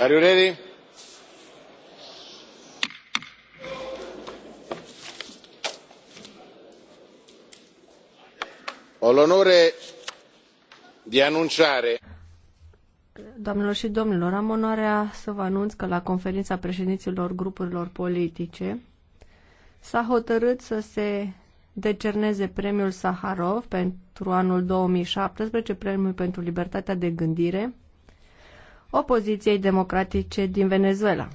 Are you ready? Ho l'onore di annunciare. Doamnelor și domnilor, am onoarea să vă anunț că la conferința președinților grupurilor politice s-a hotărât să se decerneze premiul Saharov pentru anul 2017, premiul pentru libertatea de gândire, opoziției democratice din Venezuela.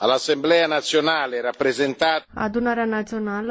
All'Assemblea nazionale rappresentata. Adunarea națională